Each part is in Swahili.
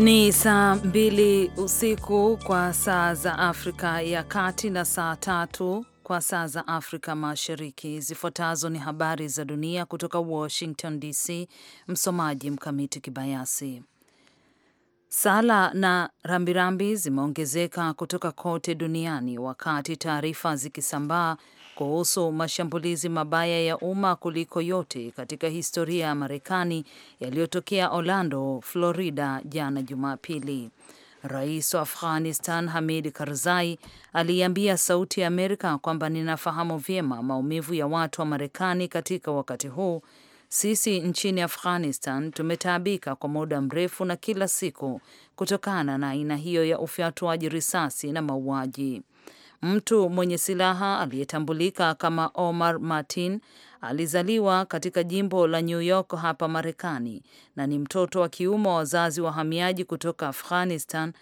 Ni saa mbili usiku kwa saa za Afrika ya Kati na saa tatu kwa saa za Afrika Mashariki. Zifuatazo ni habari za dunia kutoka Washington DC. Msomaji Mkamiti Kibayasi. Sala na rambirambi zimeongezeka kutoka kote duniani wakati taarifa zikisambaa kuhusu mashambulizi mabaya ya umma kuliko yote katika historia ya Marekani yaliyotokea Orlando, Florida jana Jumapili. Rais wa Afghanistan Hamid Karzai aliiambia Sauti ya Amerika kwamba ninafahamu vyema maumivu ya watu wa Marekani katika wakati huu. Sisi nchini Afghanistan tumetaabika kwa muda mrefu na kila siku kutokana na aina hiyo ya ufyatuaji risasi na mauaji. Mtu mwenye silaha aliyetambulika kama Omar Martin alizaliwa katika jimbo la New York hapa Marekani na ni mtoto wa kiume wa wazazi wahamiaji kutoka Afghanistan.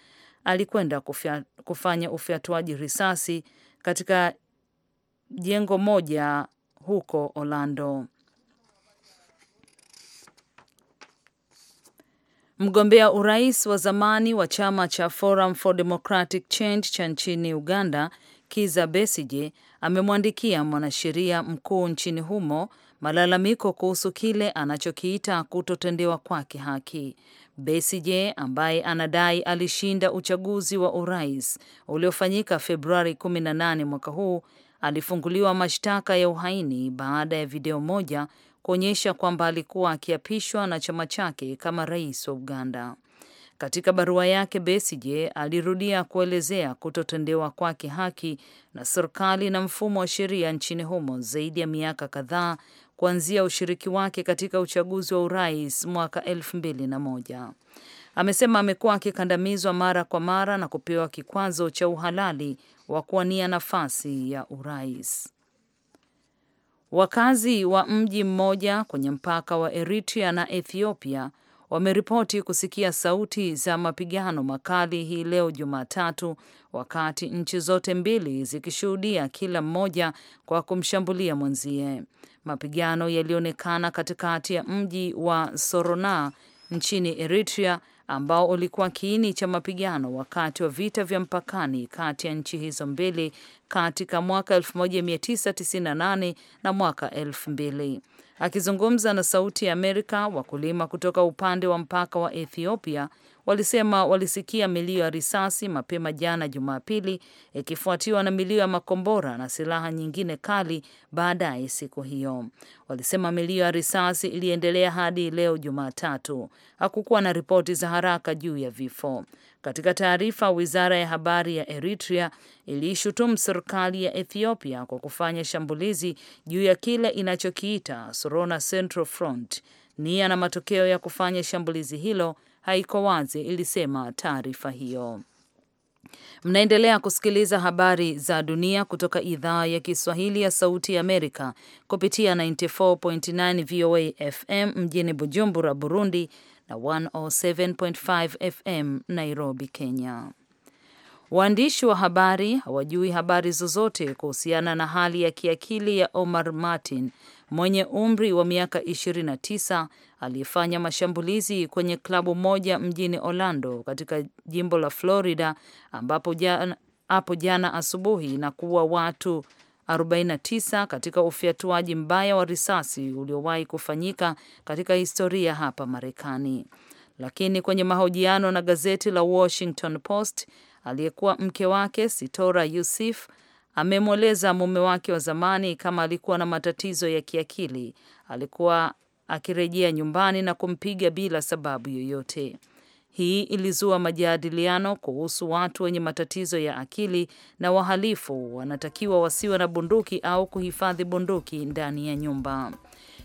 Alikwenda kufia, kufanya ufyatuaji risasi katika jengo moja huko Orlando. Mgombea urais wa zamani wa chama cha Forum for Democratic Change cha nchini Uganda Kiza Besije amemwandikia mwanasheria mkuu nchini humo malalamiko kuhusu kile anachokiita kutotendewa kwake haki. Besije ambaye anadai alishinda uchaguzi wa urais uliofanyika Februari 18 mwaka huu alifunguliwa mashtaka ya uhaini baada ya video moja kuonyesha kwamba alikuwa akiapishwa na chama chake kama rais wa Uganda. Katika barua yake, Besigye alirudia kuelezea kutotendewa kwake haki na serikali na mfumo wa sheria nchini humo zaidi ya miaka kadhaa kuanzia ushiriki wake katika uchaguzi wa urais mwaka elfu mbili na moja. Amesema amekuwa akikandamizwa mara kwa mara na kupewa kikwazo cha uhalali wa kuwania nafasi ya urais. Wakazi wa mji mmoja kwenye mpaka wa Eritrea na Ethiopia wameripoti kusikia sauti za mapigano makali hii leo Jumatatu, wakati nchi zote mbili zikishuhudia kila mmoja kwa kumshambulia mwenzie. Mapigano yalionekana katikati ya mji wa Sorona nchini Eritrea ambao ulikuwa kiini cha mapigano wakati wa vita vya mpakani kati ya nchi hizo mbili katika mwaka 1998 na mwaka 2000. Akizungumza na Sauti ya Amerika, wakulima kutoka upande wa mpaka wa Ethiopia walisema walisikia milio ya risasi mapema jana Jumapili, ikifuatiwa na milio ya makombora na silaha nyingine kali baadaye siku hiyo. Walisema milio ya risasi iliendelea hadi leo Jumatatu. Hakukuwa na ripoti za haraka juu ya vifo. Katika taarifa, wizara ya habari ya Eritrea iliishutumu serikali ya Ethiopia kwa kufanya shambulizi juu ya kile inachokiita Sorona Central Front. Nia na matokeo ya kufanya shambulizi hilo haiko wazi, ilisema taarifa hiyo. Mnaendelea kusikiliza habari za dunia kutoka idhaa ya Kiswahili ya Sauti ya Amerika kupitia 94.9 VOA FM mjini Bujumbura, Burundi na 107.5 FM Nairobi, Kenya. Waandishi wa habari hawajui habari zozote kuhusiana na hali ya kiakili ya Omar Martin mwenye umri wa miaka 29 aliyefanya mashambulizi kwenye klabu moja mjini Orlando katika jimbo la Florida ambapo jana, hapo jana asubuhi na kuua watu 49 katika ufyatuaji mbaya wa risasi uliowahi kufanyika katika historia hapa Marekani. Lakini kwenye mahojiano na gazeti la Washington Post, aliyekuwa mke wake Sitora Yusuf amemweleza mume wake wa zamani kama alikuwa na matatizo ya kiakili, alikuwa akirejea nyumbani na kumpiga bila sababu yoyote. Hii ilizua majadiliano kuhusu watu wenye matatizo ya akili na wahalifu wanatakiwa wasiwe na bunduki au kuhifadhi bunduki ndani ya nyumba.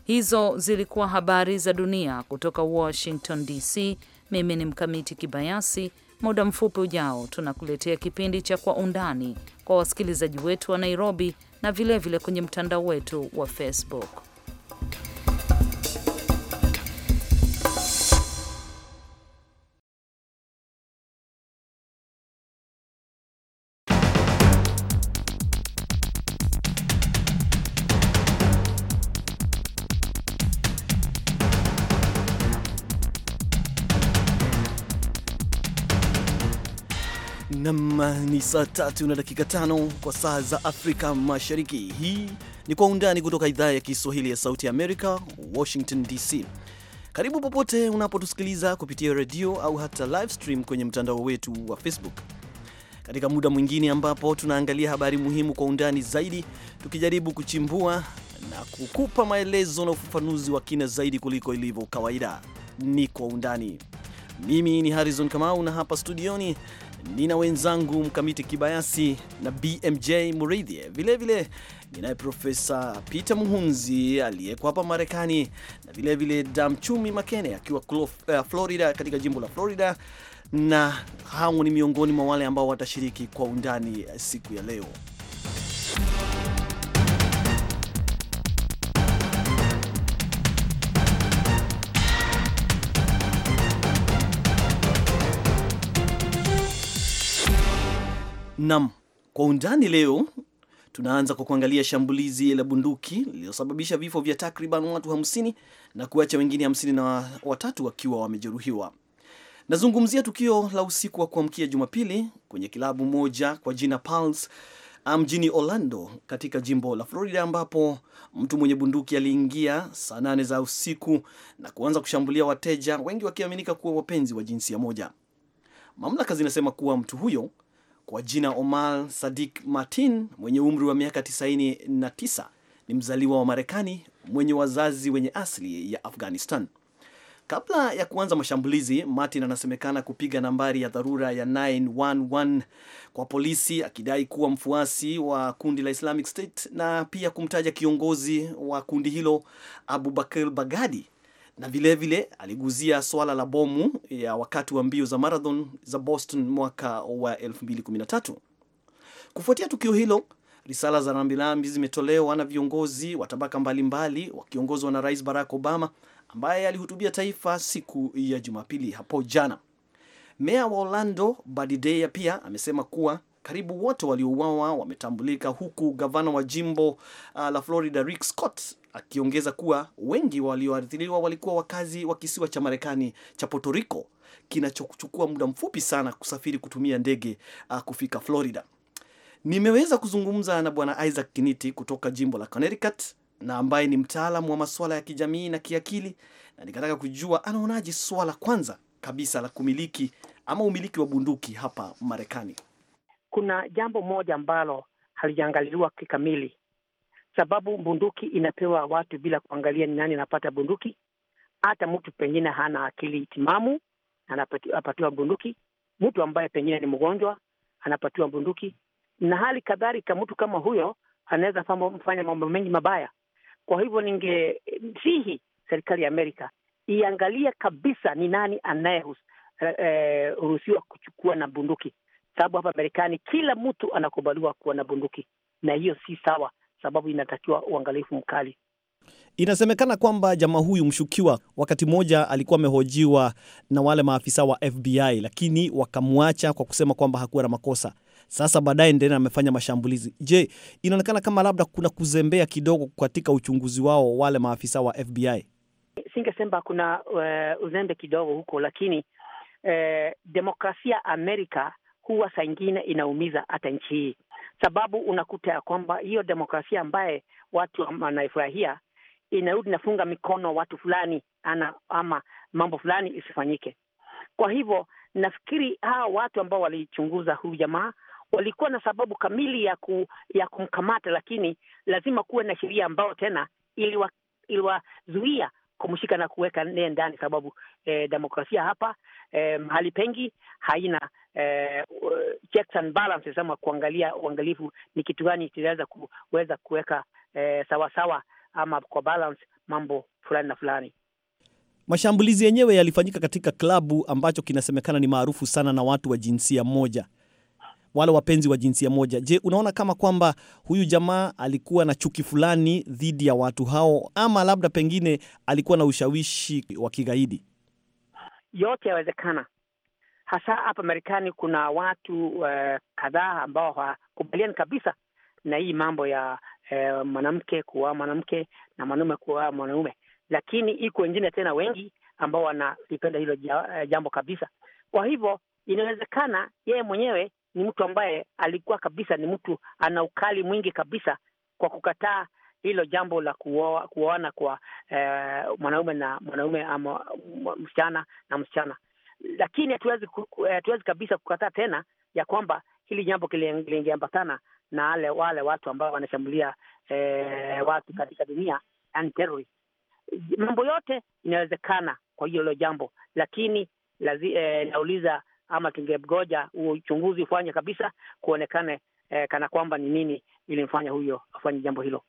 Hizo zilikuwa habari za dunia kutoka Washington DC. Mimi ni Mkamiti Kibayasi. Muda mfupi ujao, tunakuletea kipindi cha Kwa Undani kwa wasikilizaji wetu wa Nairobi na vilevile vile kwenye mtandao wetu wa Facebook. Nam ni saa tatu na dakika tano kwa saa za Afrika Mashariki. Hii ni Kwa Undani kutoka idhaa ya Kiswahili ya Sauti Amerika, Washington DC. Karibu popote unapotusikiliza kupitia redio au hata live stream kwenye mtandao wetu wa Facebook, katika muda mwingine ambapo tunaangalia habari muhimu kwa undani zaidi, tukijaribu kuchimbua na kukupa maelezo na ufafanuzi wa kina zaidi kuliko ilivyo kawaida. Ni Kwa Undani. Mimi ni Harrison Kamau na hapa studioni nina wenzangu Mkamiti Kibayasi na BMJ Muridhi, vilevile ninaye Profesa Peter Muhunzi aliyeko hapa Marekani na vilevile Damchumi Makene akiwa eh, Florida, katika jimbo la Florida, na hao ni miongoni mwa wale ambao watashiriki kwa undani eh, siku ya leo. Nam kwa undani leo tunaanza kwa kuangalia shambulizi la bunduki lililosababisha vifo vya takriban watu 50 na kuacha wengine 53 wakiwa wamejeruhiwa. Nazungumzia tukio la usiku wa kuamkia Jumapili kwenye kilabu moja kwa jina Pulse ah, mjini Orlando katika jimbo la Florida ambapo mtu mwenye bunduki aliingia saa nane za usiku na kuanza kushambulia wateja, wengi wakiaminika kuwa wapenzi wa jinsia moja. Mamlaka zinasema kuwa mtu huyo kwa jina Omar Sadik Martin mwenye umri wa miaka 99 ni mzaliwa wa Marekani mwenye wazazi wenye asili ya Afghanistan. Kabla ya kuanza mashambulizi, Martin anasemekana kupiga nambari ya dharura ya 911 kwa polisi akidai kuwa mfuasi wa kundi la Islamic State na pia kumtaja kiongozi wa kundi hilo Abu bagadi na vilevile vile, aliguzia swala la bomu ya wakati wa mbio za marathon za Boston mwaka wa 2013. Kufuatia tukio hilo, risala za rambirambi zimetolewa na viongozi wa tabaka mbalimbali wakiongozwa na Rais Barack Obama ambaye alihutubia taifa siku ya Jumapili hapo jana. Meya wa Orlando Badideya pia amesema kuwa karibu wote waliouawa wametambulika, huku gavana wa jimbo uh, la Florida Rick Scott akiongeza kuwa wengi walioathiriwa walikuwa wakazi wa kisiwa cha Marekani cha Puerto Rico kinachochukua muda mfupi sana kusafiri kutumia ndege uh, kufika Florida. Nimeweza kuzungumza na Bwana Isaac Kiniti kutoka jimbo la Connecticut na ambaye ni mtaalamu wa masuala ya kijamii na kiakili, na nikataka kujua anaonaje swala kwanza kabisa la kumiliki ama umiliki wa bunduki hapa Marekani. Kuna jambo moja ambalo halijaangaliwa kikamili sababu bunduki inapewa watu bila kuangalia ni nani anapata bunduki. Hata mtu pengine hana akili timamu anapatiwa bunduki, mtu ambaye pengine ni mgonjwa anapatiwa bunduki, na hali kadhalika, mtu kama huyo anaweza fanya mambo mengi mabaya. Kwa hivyo, ningesihi serikali ya Amerika iangalia kabisa ni nani anayeruhusiwa eh, eh kuchukua na bunduki, sababu hapa Marekani kila mtu anakubaliwa kuwa na bunduki, na hiyo si sawa sababu inatakiwa uangalifu mkali. Inasemekana kwamba jamaa huyu mshukiwa, wakati mmoja alikuwa amehojiwa na wale maafisa wa FBI, lakini wakamwacha kwa kusema kwamba hakuwa na makosa. Sasa baadaye ndena amefanya mashambulizi. Je, inaonekana kama labda kuna kuzembea kidogo katika uchunguzi wao wale maafisa wa FBI? Singesema kuna uh, uzembe kidogo huko, lakini uh, demokrasia Amerika huwa saa ingine inaumiza hata nchi hii sababu unakuta ya kwamba hiyo demokrasia ambaye watu wanaifurahia inarudi nafunga mikono watu fulani ana, ama mambo fulani isifanyike. Kwa hivyo nafikiri hawa watu ambao walichunguza huyu jamaa walikuwa na sababu kamili ya ku, ya kumkamata, lakini lazima kuwe na sheria ambayo tena iliwazuia iliwa kumshika na kuweka nee ndani, sababu eh, demokrasia hapa eh, mahali pengi haina eh, checks and balances ama kuangalia uangalifu ni kitu gani kitaweza kuweza kuweka eh, sawasawa ama kwa balance mambo fulani na fulani. Mashambulizi yenyewe yalifanyika katika klabu ambacho kinasemekana ni maarufu sana na watu wa jinsia moja wale wapenzi wa jinsia moja. Je, unaona kama kwamba huyu jamaa alikuwa na chuki fulani dhidi ya watu hao, ama labda pengine alikuwa na ushawishi wa kigaidi? Yote yawezekana. Hasa hapa Marekani kuna watu uh, kadhaa ambao hawakubaliani kabisa na hii mambo ya uh, mwanamke kuwa mwanamke na mwanaume kuwa mwanaume, lakini iko wengine tena wengi ambao wanalipenda hilo eh, jambo kabisa. Kwa hivyo inawezekana yeye mwenyewe ni mtu ambaye alikuwa kabisa ni mtu ana ukali mwingi kabisa kwa kukataa hilo jambo la kuoa kuoana kwa eh, mwanaume na mwanaume ama msichana na msichana. Lakini hatuwezi eh, hatuwezi kabisa kukataa tena ya kwamba hili jambo kilingeambatana na wale wale watu ambao wanashambulia eh, watu katika dunia, yani terrorist. Mambo yote inawezekana kwa hiyo hilo jambo, lakini lazi, eh, nauliza ama tungemgoja uchunguzi ufanye kabisa kuonekane eh, kana kwamba ni nini ilimfanya huyo afanye jambo hilo.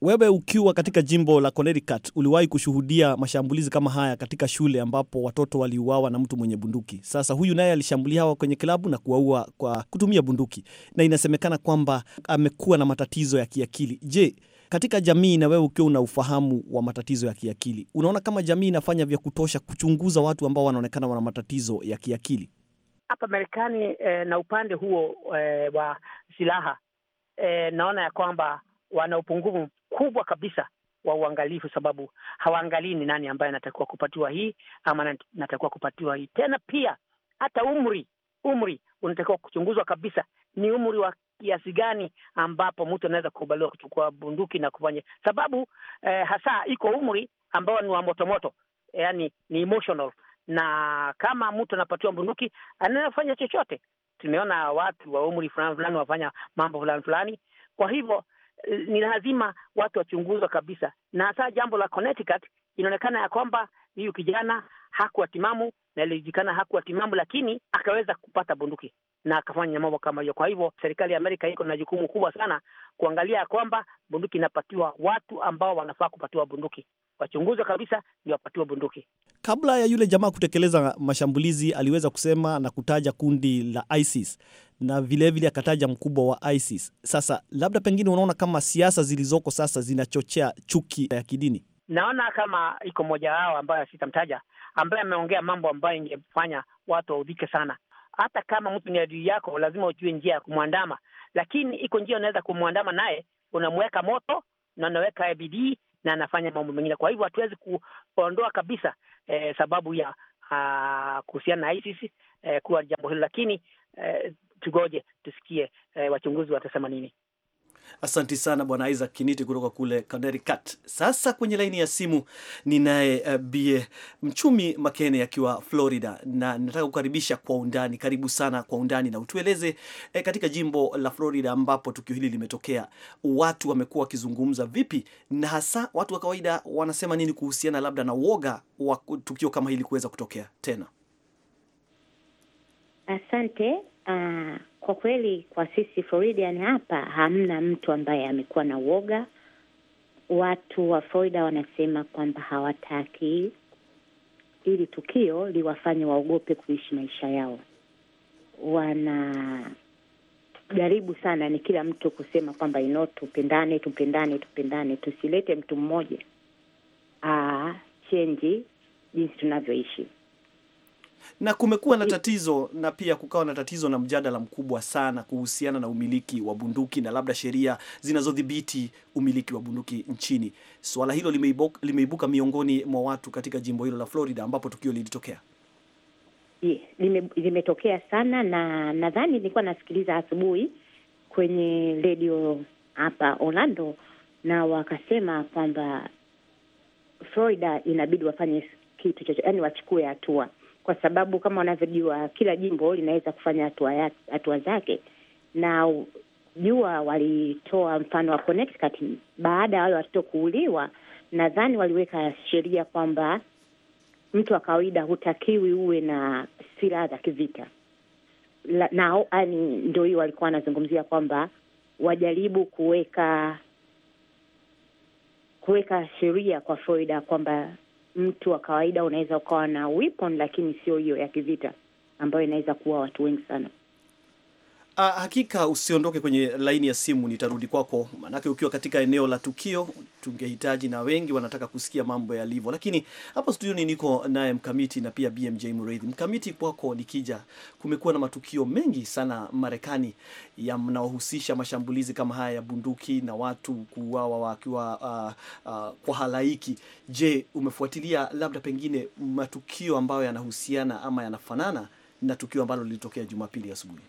Wewe ukiwa katika jimbo la Connecticut uliwahi kushuhudia mashambulizi kama haya katika shule ambapo watoto waliuawa na mtu mwenye bunduki. Sasa huyu naye alishambulia hawa kwenye klabu na kuwaua kwa kutumia bunduki, na inasemekana kwamba amekuwa na matatizo ya kiakili. Je, katika jamii na wewe ukiwa una ufahamu wa matatizo ya kiakili, unaona kama jamii inafanya vya kutosha kuchunguza watu ambao wanaonekana wana matatizo ya kiakili hapa Marekani? Eh, na upande huo eh, wa silaha eh, naona ya kwamba wana upungufu mkubwa kabisa wa uangalifu, sababu hawaangalii ni nani ambaye anatakiwa kupatiwa hii ama natakiwa kupatiwa hii. Tena pia hata umri, umri unatakiwa kuchunguzwa kabisa, ni umri wa kiasi gani ambapo mtu anaweza kukubaliwa kuchukua bunduki na kufanya sababu, eh, hasa iko umri ambao ni wa motomoto, yani ni emotional, na kama mtu anapatiwa bunduki anaweza chochote. Tumeona watu wa umri fulani fulani wafanya mambo fulani fulani, kwa hivyo eh, ni lazima watu wachunguzwa kabisa, na hasa jambo la Connecticut inaonekana ya kwamba huyu kijana hakuwa timamu na ilijulikana hakuwa timamu, lakini akaweza kupata bunduki na akafanya mambo kama hiyo. Kwa hivyo serikali ya Amerika iko na jukumu kubwa sana kuangalia ya kwamba bunduki inapatiwa watu ambao wanafaa kupatiwa bunduki, wachunguzwe kabisa ndio wapatiwe bunduki. Kabla ya yule jamaa kutekeleza mashambulizi, aliweza kusema na kutaja kundi la ISIS na vilevile akataja mkubwa wa ISIS. Sasa labda pengine unaona kama siasa zilizoko sasa zinachochea chuki ya kidini. Naona kama iko moja wao ambayo sitamtaja, ambaye ameongea mambo ambayo ingefanya watu waudhike sana hata kama mtu ni adui yako, lazima ujue njia ya kumwandama, lakini iko njia unaweza kumwandama naye, unamweka moto na unaweka bidii na anafanya mambo mengine. Kwa hivyo hatuwezi kuondoa kabisa eh, sababu ya ah, kuhusiana na ISIS eh, kuwa jambo hilo, lakini eh, tugoje tusikie eh, wachunguzi watasema nini. Asanti sana bwana Isaac Kiniti kutoka kule Connecticut. Sasa kwenye laini ya simu ninaye uh, bie mchumi Makene akiwa Florida, na nataka kukaribisha kwa undani. Karibu sana kwa undani, na utueleze eh, katika jimbo la Florida ambapo tukio hili limetokea, watu wamekuwa wakizungumza vipi, na hasa watu wa kawaida wanasema nini kuhusiana labda na uoga wa tukio kama hili kuweza kutokea tena? Asante uh... Kwa kweli kwa sisi Floridian hapa hamna mtu ambaye amekuwa na uoga. Watu wa Florida wanasema kwamba hawataki ili tukio liwafanye waogope kuishi maisha yao. Wanajaribu sana ni kila mtu kusema kwamba ino, tupendane, tupendane, tupendane, tusilete mtu mmoja chenji jinsi tunavyoishi na kumekuwa na tatizo na pia kukawa na tatizo na mjadala mkubwa sana kuhusiana na umiliki wa bunduki na labda sheria zinazodhibiti umiliki wa bunduki nchini. Swala hilo limeibuka, limeibuka miongoni mwa watu katika jimbo hilo la Florida ambapo tukio lilitokea. Yeah, lime, limetokea sana na nadhani nilikuwa nasikiliza asubuhi kwenye redio hapa Orlando, na wakasema kwamba Florida inabidi wafanye kitu chochote, yani wachukue hatua kwa sababu kama wanavyojua kila jimbo linaweza kufanya hatua hatua zake, na jua walitoa mfano wa Connecticut baada ya wale watoto kuuliwa, nadhani waliweka sheria kwamba mtu wa kawaida hutakiwi uwe na silaha za kivita nao, yani ndio hiyo walikuwa wanazungumzia kwamba wajaribu kuweka kuweka sheria kwa Florida kwamba mtu wa kawaida unaweza ukawa na weapon, lakini sio hiyo ya kivita ambayo inaweza kuwa watu wengi sana. Ah, hakika usiondoke kwenye laini ya simu, nitarudi kwako, maanake ukiwa katika eneo la tukio tungehitaji, na wengi wanataka kusikia mambo yalivyo. Lakini hapa studioni niko naye Mkamiti na pia BMJ Murithi. Mkamiti, kwako nikija, kumekuwa na matukio mengi sana Marekani yanaohusisha mashambulizi kama haya ya bunduki na watu kuuawa wakiwa uh, uh, kwa halaiki. Je, umefuatilia labda pengine matukio ambayo yanahusiana ama yanafanana na tukio ambalo lilitokea Jumapili asubuhi?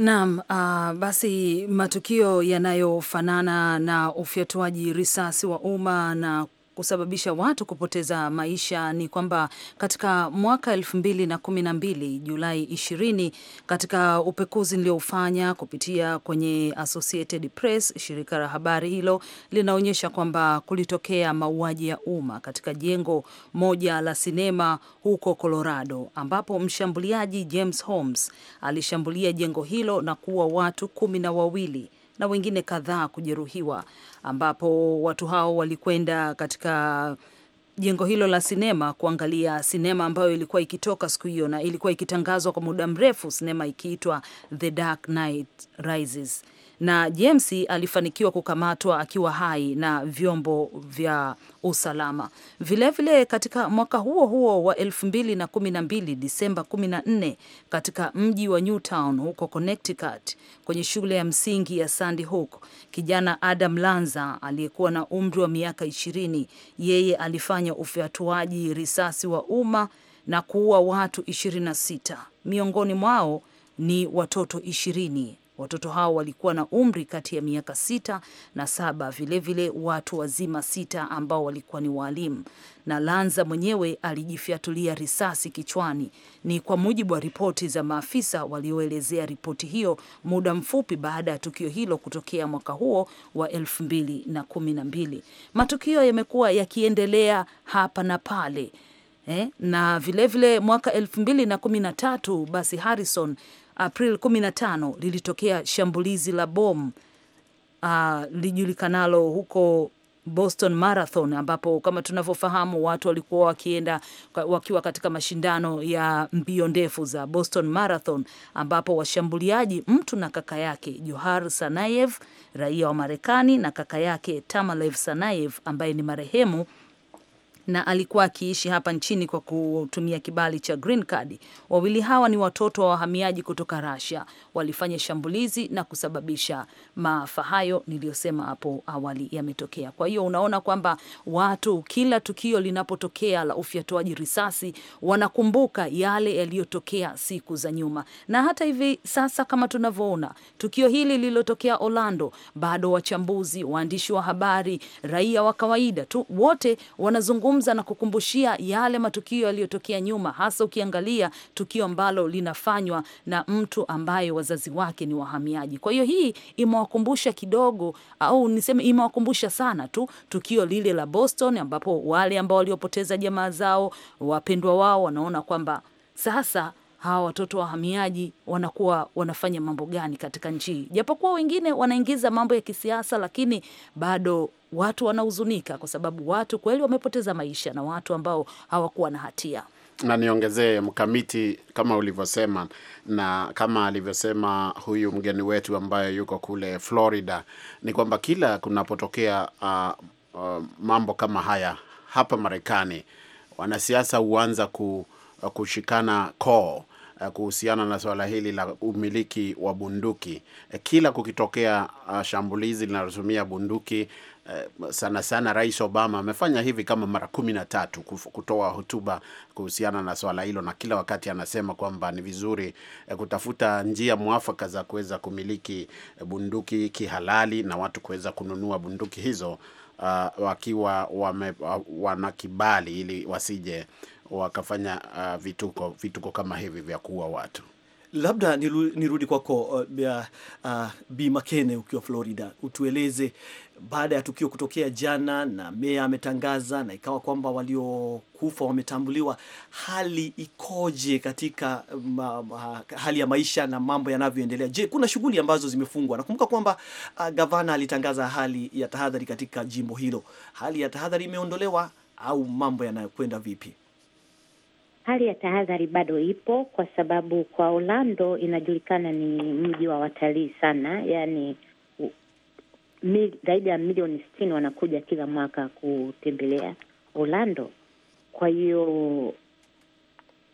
Naam, uh, basi matukio yanayofanana na ufyatuaji risasi wa umma na kusababisha watu kupoteza maisha ni kwamba katika mwaka elfu mbili na kumi na mbili Julai ishirini, katika upekuzi nilioufanya kupitia kwenye Associated Press, shirika la habari hilo linaonyesha kwamba kulitokea mauaji ya umma katika jengo moja la sinema huko Colorado, ambapo mshambuliaji James Holmes alishambulia jengo hilo na kuua watu kumi na wawili na wengine kadhaa kujeruhiwa, ambapo watu hao walikwenda katika jengo hilo la sinema kuangalia sinema ambayo ilikuwa ikitoka siku hiyo na ilikuwa ikitangazwa kwa muda mrefu, sinema ikiitwa The Dark Knight Rises na James alifanikiwa kukamatwa akiwa hai na vyombo vya usalama. Vilevile vile katika mwaka huo huo wa 2012 Disemba 14, katika mji wa Newtown huko Connecticut, kwenye shule ya msingi ya Sandy Hook, kijana Adam Lanza aliyekuwa na umri wa miaka 20, yeye alifanya ufyatuaji risasi wa umma na kuua watu 26, miongoni mwao ni watoto ishirini Watoto hao walikuwa na umri kati ya miaka sita na saba, vilevile vile watu wazima sita ambao walikuwa ni waalimu, na Lanza mwenyewe alijifyatulia risasi kichwani. Ni kwa mujibu wa ripoti za maafisa walioelezea ripoti hiyo muda mfupi baada ya tukio hilo kutokea mwaka huo wa elfu mbili na kumi na mbili. Matukio yamekuwa yakiendelea hapa na pale. Eh, na vilevile vile mwaka elfu mbili na kumi na tatu basi Harrison Aprili 15 lilitokea shambulizi la bomu uh, lijulikanalo huko Boston Marathon ambapo kama tunavyofahamu watu walikuwa wakienda wakiwa katika mashindano ya mbio ndefu za Boston Marathon ambapo washambuliaji mtu na kaka yake Johar Sanayev raia wa Marekani na kaka yake Tamalev Sanayev ambaye ni marehemu na alikuwa akiishi hapa nchini kwa kutumia kibali cha green card. Wawili hawa ni watoto wa wahamiaji kutoka Russia, walifanya shambulizi na kusababisha maafa hayo niliyosema hapo awali yametokea. Kwa hiyo unaona kwamba watu kila tukio linapotokea la ufyatuaji risasi wanakumbuka yale yaliyotokea siku za nyuma, na hata hivi sasa kama tunavyoona tukio hili lililotokea Orlando, bado wachambuzi, waandishi wa habari, raia wa kawaida tu wote wanazungumza kuzungumza na kukumbushia yale matukio yaliyotokea nyuma, hasa ukiangalia tukio ambalo linafanywa na mtu ambaye wazazi wake ni wahamiaji. Kwa hiyo hii imewakumbusha kidogo, au niseme imewakumbusha sana tu tukio lile la Boston, ambapo wale ambao waliopoteza jamaa zao, wapendwa wao, wanaona kwamba sasa hawa watoto wahamiaji wanakuwa wanafanya mambo gani katika nchi, japokuwa wengine wanaingiza mambo ya kisiasa, lakini bado watu wanahuzunika kwa sababu watu kweli wamepoteza maisha na watu ambao hawakuwa na hatia na niongezee mkamiti, kama ulivyosema na kama alivyosema huyu mgeni wetu ambaye yuko kule Florida, ni kwamba kila kunapotokea uh, uh, mambo kama haya hapa Marekani, wanasiasa huanza uh, kushikana koo Eh, kuhusiana na swala hili la umiliki wa bunduki. Eh, kila kukitokea ah, shambulizi linalotumia bunduki, eh, sana sana Rais Obama amefanya hivi kama mara kumi na tatu kutoa hotuba kuhusiana na swala hilo, na kila wakati anasema kwamba ni vizuri kutafuta njia mwafaka za kuweza kumiliki bunduki kihalali na watu kuweza kununua bunduki hizo uh, wakiwa wame, ah, wana kibali ili wasije wakafanya uh, vituko, vituko kama hivi vya kuua watu. Labda nirudi kwako uh, uh, Bi Makene, ukiwa Florida, utueleze baada ya tukio kutokea jana na meya ametangaza na ikawa kwamba waliokufa wametambuliwa, hali ikoje katika ma, ma, hali ya maisha na mambo yanavyoendelea? Je, kuna shughuli ambazo zimefungwa? Nakumbuka kwamba uh, gavana alitangaza hali ya tahadhari katika jimbo hilo. Hali ya tahadhari imeondolewa au mambo yanayokwenda vipi? hali ya tahadhari bado ipo, kwa sababu kwa Orlando inajulikana ni mji wa watalii sana, yani zaidi ya milioni sitini wanakuja kila mwaka kutembelea Orlando. Kwa hiyo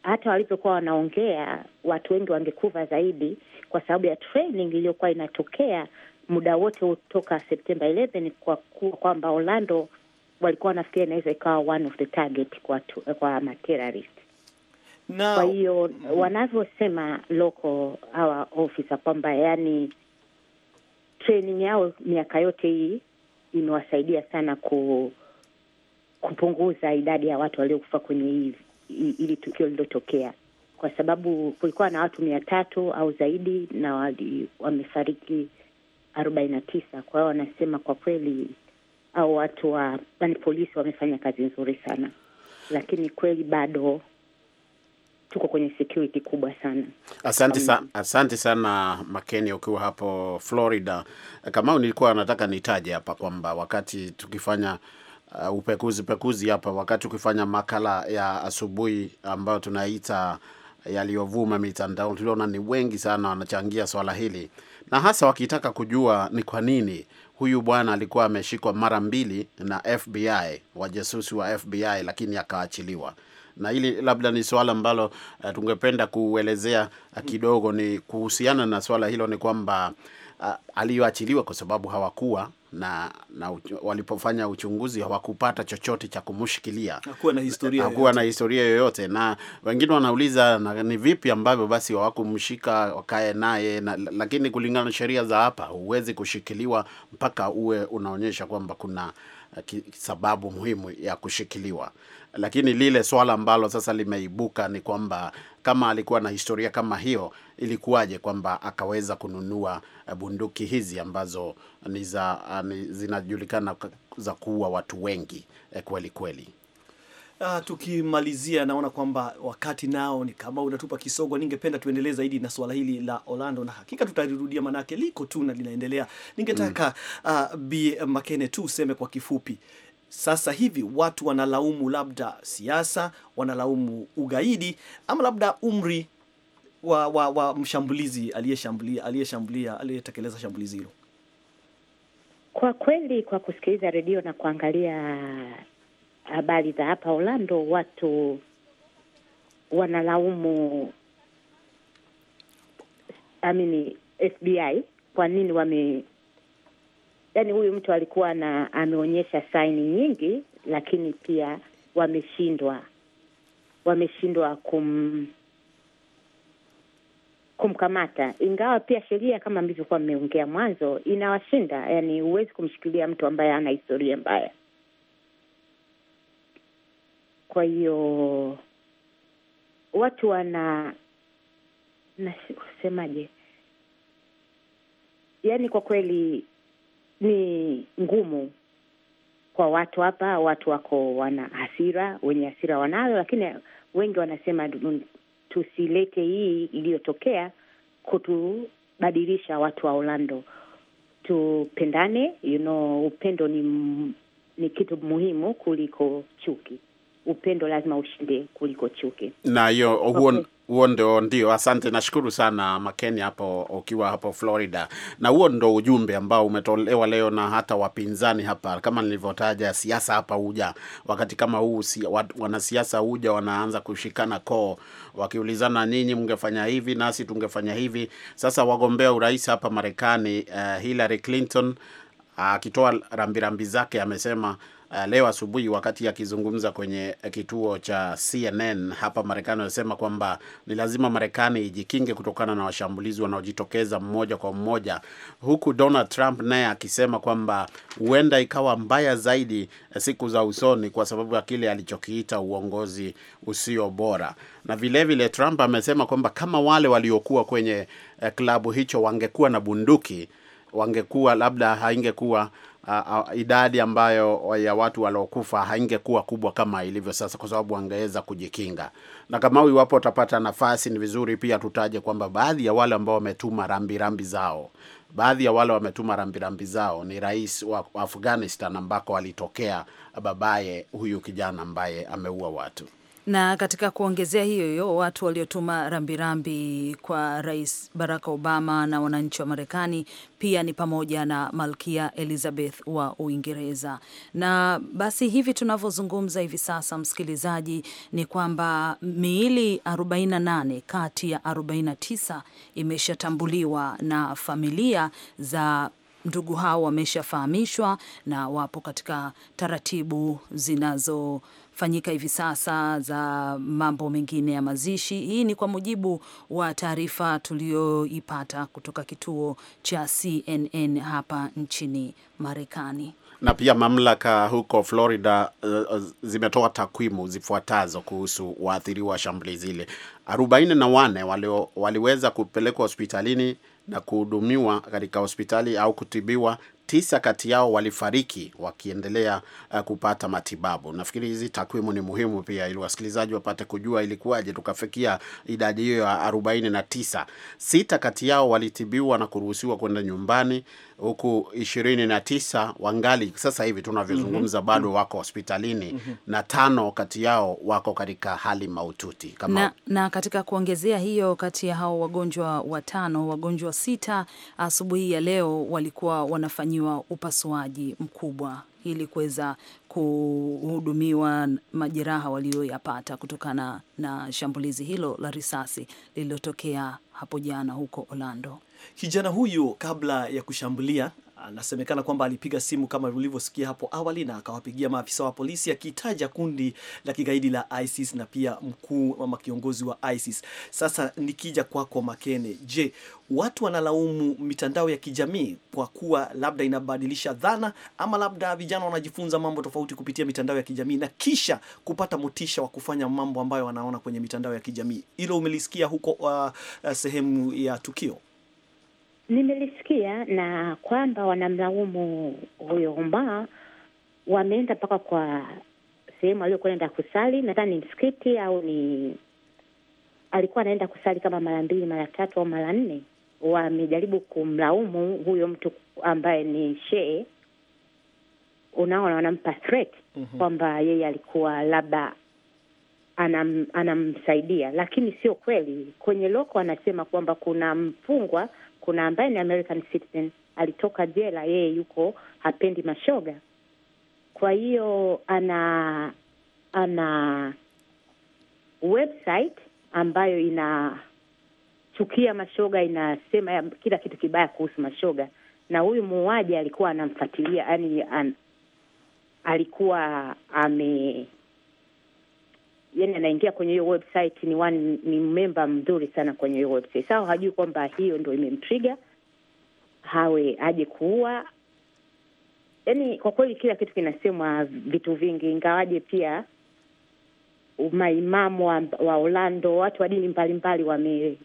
hata walivyokuwa wanaongea watu wengi wangekuva zaidi, kwa sababu ya training iliyokuwa inatokea muda wote toka Septemba 11 kwa kuwa kwamba Orlando walikuwa wanafikiria inaweza ikawa one of the target kwa, kwa materrorist na kwa hiyo mm-hmm. wanavyosema loko hawa ofisa kwamba yani training yao miaka yote hii imewasaidia sana ku, kupunguza idadi ya watu waliokufa kwenye hii ili tukio lililotokea, kwa sababu kulikuwa na watu mia tatu au zaidi na wamefariki arobaini na tisa. Kwa hiyo wanasema kwa kweli au watu wa polisi wamefanya kazi nzuri sana, lakini kweli bado tuko kwenye security kubwa sana. Asante sana, asante sana Makeni, ukiwa hapo Florida. Kamau, nilikuwa nataka nitaje hapa kwamba wakati tukifanya uh, upekuzi pekuzi hapa, wakati ukifanya makala ya asubuhi ambayo tunaita yaliyovuma mitandaoni, tuliona ni wengi sana wanachangia swala hili, na hasa wakitaka kujua ni kwa nini huyu bwana alikuwa ameshikwa mara mbili na FBI, wajasusi wa FBI, lakini akaachiliwa na hili labda ni swala ambalo uh, tungependa kuelezea uh, kidogo. Ni kuhusiana na swala hilo, ni kwamba uh, aliyoachiliwa kwa sababu hawakuwa na, na uchu, walipofanya uchunguzi hawakupata chochote cha kumshikilia, hakuwa na historia, hakuwa na historia yoyote. Na wengine wanauliza na, ni vipi ambavyo basi hawakumshika wakae naye na, lakini kulingana na sheria za hapa huwezi kushikiliwa mpaka uwe unaonyesha kwamba kuna eh, sababu muhimu ya kushikiliwa. Lakini lile swala ambalo sasa limeibuka ni kwamba kama alikuwa na historia kama hiyo, ilikuwaje kwamba akaweza kununua eh, bunduki hizi ambazo ni za zinajulikana za kuua watu wengi eh, kweli kweli. Uh, tukimalizia naona kwamba wakati nao ni kama unatupa kisogo. Ningependa tuendelee zaidi na swala hili la Orlando na hakika tutalirudia, manake liko tu na linaendelea. Ningetaka mm. uh, Bi Makene tu useme kwa kifupi sasa hivi watu wanalaumu labda siasa, wanalaumu ugaidi, ama labda umri wa, wa, wa mshambulizi aliyeshambulia aliyetekeleza shambulizi hilo. Kwa kweli kwa kusikiliza redio na kuangalia habari za hapa Orlando, watu wanalaumu amini FBI kwa nini wame, yaani huyu mtu alikuwa na ameonyesha saini nyingi, lakini pia wameshindwa wameshindwa kum kumkamata, ingawa pia sheria kama mlivyokuwa mmeongea mwanzo inawashinda, yani huwezi kumshikilia mtu ambaye ana historia mbaya. Kwa hiyo watu wana nasemaje, yani kwa kweli ni ngumu kwa watu hapa. Watu wako wana hasira, wenye hasira wanayo, lakini wengi wanasema tusilete hii iliyotokea kutubadilisha watu wa Orlando. Tupendane, you know, upendo ni, ni kitu muhimu kuliko chuki upendo lazima ushinde kuliko chuki. Na hiyo huo Huo ndio ndio, asante, nashukuru sana Makeni hapo ukiwa hapo Florida. Na huo ndo ujumbe ambao umetolewa leo na hata wapinzani hapa, kama nilivyotaja, siasa hapa huja wakati kama huu, wanasiasa huja wanaanza kushikana koo, wakiulizana, nyinyi mngefanya hivi, nasi tungefanya hivi. Sasa wagombea urais hapa Marekani, uh, Hillary Clinton akitoa uh, rambirambi zake amesema uh, leo asubuhi wakati akizungumza kwenye eh, kituo cha CNN hapa Marekani, anasema kwamba ni lazima Marekani ijikinge kutokana na washambulizi wanaojitokeza mmoja kwa mmoja, huku Donald Trump naye akisema kwamba huenda ikawa mbaya zaidi eh, siku za usoni kwa sababu ya kile alichokiita uongozi usio bora. Na vilevile vile Trump amesema kwamba kama wale waliokuwa kwenye eh, klabu hicho wangekuwa na bunduki wangekuwa labda haingekuwa uh, uh, idadi ambayo ya watu waliokufa haingekuwa kubwa kama ilivyo sasa, kwa sababu wangeweza kujikinga. Na kama iwapo utapata nafasi, ni vizuri pia tutaje kwamba baadhi ya wale ambao wametuma rambirambi zao baadhi ya wale wametuma rambirambi zao ni rais wa Afghanistan ambako alitokea babaye huyu kijana ambaye ameua watu. Na katika kuongezea hiyo hiyo, watu waliotuma rambirambi kwa Rais Barack Obama na wananchi wa Marekani pia ni pamoja na Malkia Elizabeth wa Uingereza. Na basi hivi tunavyozungumza hivi sasa, msikilizaji, ni kwamba miili 48 kati ya 49 imeshatambuliwa na familia za ndugu hao wameshafahamishwa na wapo katika taratibu zinazo fanyika hivi sasa za mambo mengine ya mazishi. Hii ni kwa mujibu wa taarifa tuliyoipata kutoka kituo cha CNN hapa nchini Marekani na pia mamlaka huko Florida uh, zimetoa takwimu zifuatazo kuhusu waathiriwa wa shambulizi hili. arobaini na wane waliweza kupelekwa hospitalini na kuhudumiwa katika hospitali au kutibiwa tisa kati yao walifariki wakiendelea uh, kupata matibabu. Nafikiri hizi takwimu ni muhimu pia, ili wasikilizaji wapate kujua ilikuwaje tukafikia idadi hiyo ya arobaini na tisa. Sita kati yao walitibiwa na kuruhusiwa kwenda nyumbani huku ishirini na tisa wangali sasa hivi tunavyozungumza, mm -hmm. bado mhm. wako hospitalini mm -hmm. na tano kati yao wako katika hali maututi kama... na, na katika kuongezea hiyo, kati ya hao wagonjwa watano, wagonjwa sita asubuhi ya leo walikuwa wanafanyiwa upasuaji mkubwa ili kuweza kuhudumiwa majeraha walioyapata kutokana na shambulizi hilo la risasi lililotokea hapo jana huko Orlando. Kijana huyu kabla ya kushambulia anasemekana kwamba alipiga simu kama ulivyosikia hapo awali, na akawapigia maafisa wa polisi akitaja kundi la kigaidi la ISIS na pia mkuu ama kiongozi wa ISIS. Sasa nikija kwako kwa Makene, je, watu wanalaumu mitandao ya kijamii kwa kuwa labda inabadilisha dhana ama labda vijana wanajifunza mambo tofauti kupitia mitandao ya kijamii na kisha kupata motisha wa kufanya mambo ambayo wanaona kwenye mitandao ya kijamii? Hilo umelisikia huko uh, uh, sehemu ya tukio? Nimelisikia na kwamba wanamlaumu huyo umba wameenda mpaka kwa sehemu naenda kusali, nadhani msikiti au ni alikuwa anaenda kusali kama mara mbili mara tatu au mara nne. Wamejaribu kumlaumu huyo mtu ambaye ni shee unaona, wanampa threat mm -hmm. kwamba yeye alikuwa labda anam, anamsaidia, lakini sio kweli. Kwenye loko anasema kwamba kuna mfungwa kuna ambaye ni American citizen alitoka jela, yeye yuko hapendi mashoga, kwa hiyo ana ana website ambayo inachukia mashoga, inasema kila kitu kibaya kuhusu mashoga, na huyu muuaji alikuwa anamfuatilia, yani an, alikuwa ame yani anaingia kwenye hiyo website ni one, ni memba mzuri sana kwenye hiyo website sawa. Hajui kwamba hiyo ndo imemtriga hawe aje kuua. Yani kwa kweli kila kitu kinasemwa, vitu vingi, ingawaje pia maimamu wa, wa Orlando, watu wa dini mbalimbali wame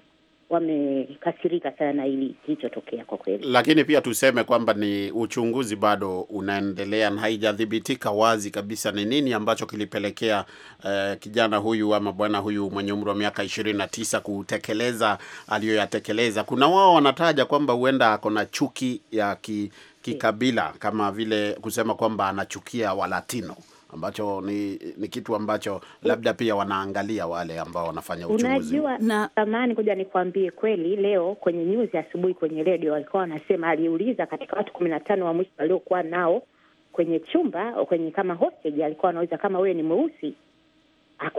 wamekasirika sana hili kilichotokea kwa kweli, lakini pia tuseme kwamba ni uchunguzi bado unaendelea na haijathibitika wazi kabisa ni nini ambacho kilipelekea uh, kijana huyu ama bwana huyu mwenye umri wa miaka ishirini na tisa kutekeleza aliyoyatekeleza. Kuna wao wanataja kwamba huenda ako na chuki ya ki, kikabila kama vile kusema kwamba anachukia Walatino ambacho ni, ni kitu ambacho labda pia wanaangalia wale ambao wanafanya uchunguzi. Unajua na... samani kuja nikwambie kweli, leo kwenye news asubuhi kwenye redio walikuwa wanasema, aliuliza katika watu kumi na tano wa mwisho waliokuwa nao kwenye chumba kwenye kama hostage, alikuwa anauliza kama wewe ni mweusi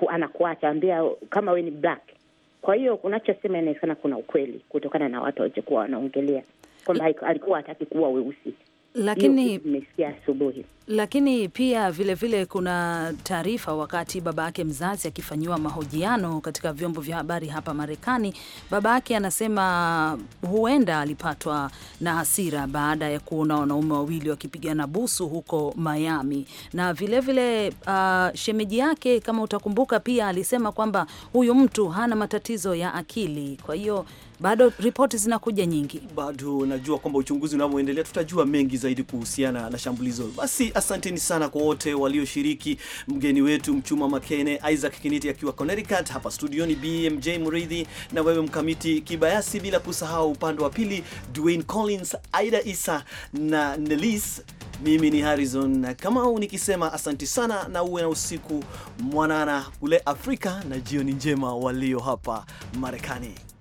anakuacha, ambia kama wewe ni black. Kwa hiyo unachosema inaonekana kuna ukweli kutokana na watu walichokuwa wanaongelea kwamba alikuwa hataki kuwa weusi, lakini nimesikia asubuhi lakini pia vilevile vile kuna taarifa, wakati baba yake mzazi akifanyiwa mahojiano katika vyombo vya habari hapa Marekani, baba yake anasema huenda alipatwa na hasira baada ya kuona wanaume wawili wakipigana busu huko Miami, na vilevile vile, uh, shemeji yake kama utakumbuka, pia alisema kwamba huyu mtu hana matatizo ya akili, kwa hiyo bado ripoti zinakuja nyingi. Bado najua kwamba uchunguzi unavyoendelea tutajua mengi zaidi kuhusiana na shambulizo. Basi asanteni sana kwa wote walioshiriki, mgeni wetu Mchuma Makene, Isaac Kiniti akiwa Connecticut, hapa studioni BMJ Mridhi na wewe Mkamiti Kibayasi, bila kusahau upande wa pili Dwayne Collins, Aida Isa na Nelis. Mimi ni Harrison Kamau nikisema asanti sana, na uwe na usiku mwanana kule Afrika na jioni njema walio hapa Marekani.